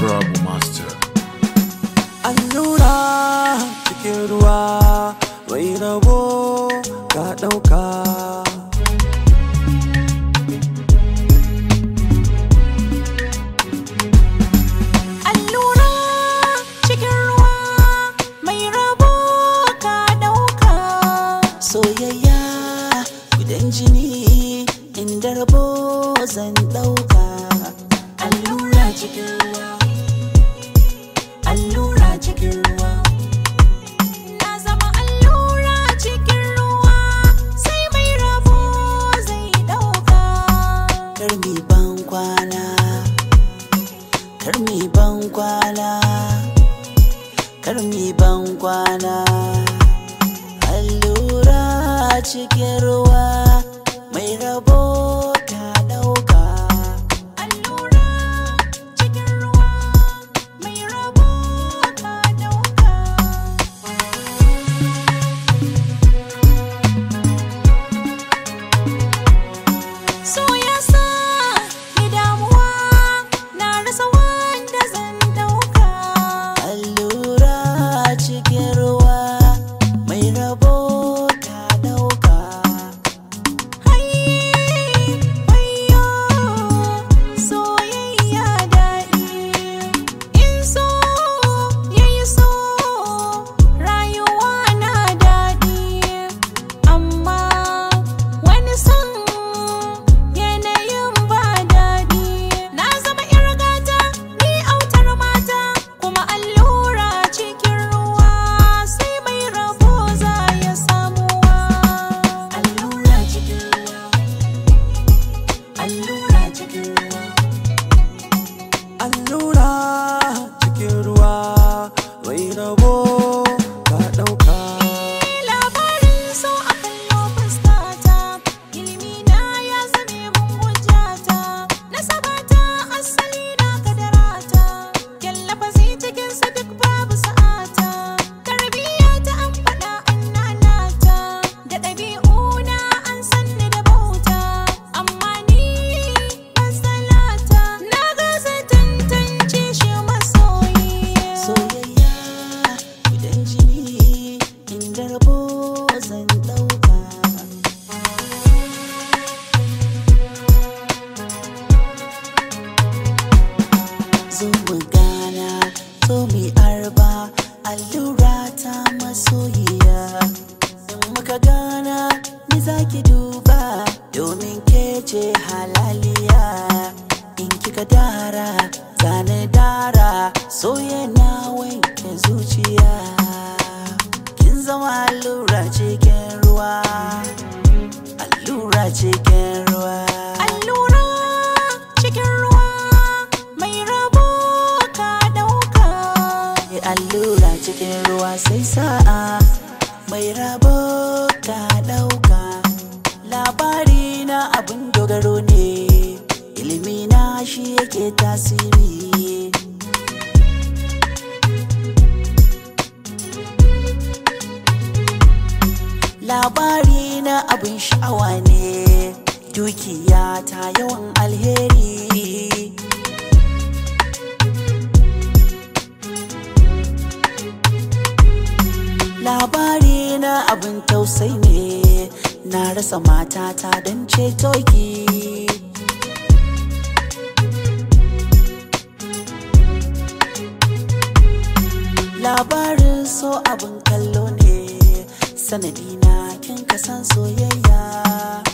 Bravo Master Allura cikin ruwa mai rabo ka ɗauka zan ɗauka allura cikin ruwa allura cikin ruwa na zama allura cikin ruwa sai mai rabo zai ɗauka karmi ban kwana karmi ban kwana karmi ban kwana allura cikin ruwa ka gana ni zaki duba domin ke ce halaliya in kika dara zane dara soye na wanke zuciya kin zama allura cikin ruwa allura cikin ruwa allura cikin ruwa mai rabo ka allura cikin ruwa sai sa'a mai rabo ta ɗauka labari na abin dogaro ne ilimi na shi yake tasiri labari na abin sha'awa ne dukiya ta yawan alheri abin tausayi ne na rasa matata don ceto ki labarin so abin kallo ne sanadina kin kasan soyayya